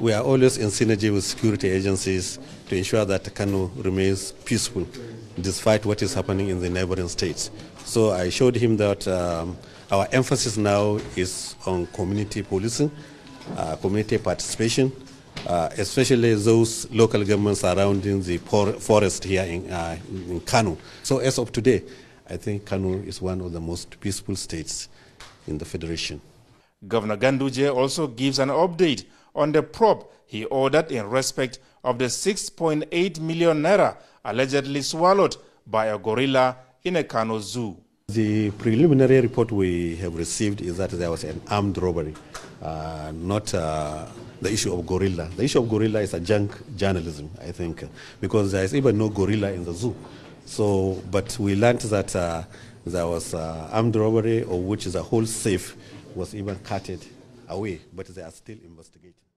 we are always in synergy with security agencies to ensure that Kanu remains peaceful despite what is happening in the neighboring states. So I showed him that um, our emphasis now is on community policing, uh, community participation, uh, especially those local governments surrounding the forest here in, uh, in So as of today, I think Kanu is one of the most peaceful states in the Federation. Governor Ganduje also gives an update on the probe he ordered in respect of the 6.8 million naira allegedly swallowed by a gorilla in a Kano zoo. The preliminary report we have received is that there was an armed robbery, uh, not uh, the issue of gorilla. The issue of gorilla is a junk journalism, I think, because there is even no gorilla in the zoo. So, but we learned that uh, there was uh, armed robbery, of which is a whole safe was even carted away, but they are still investigating.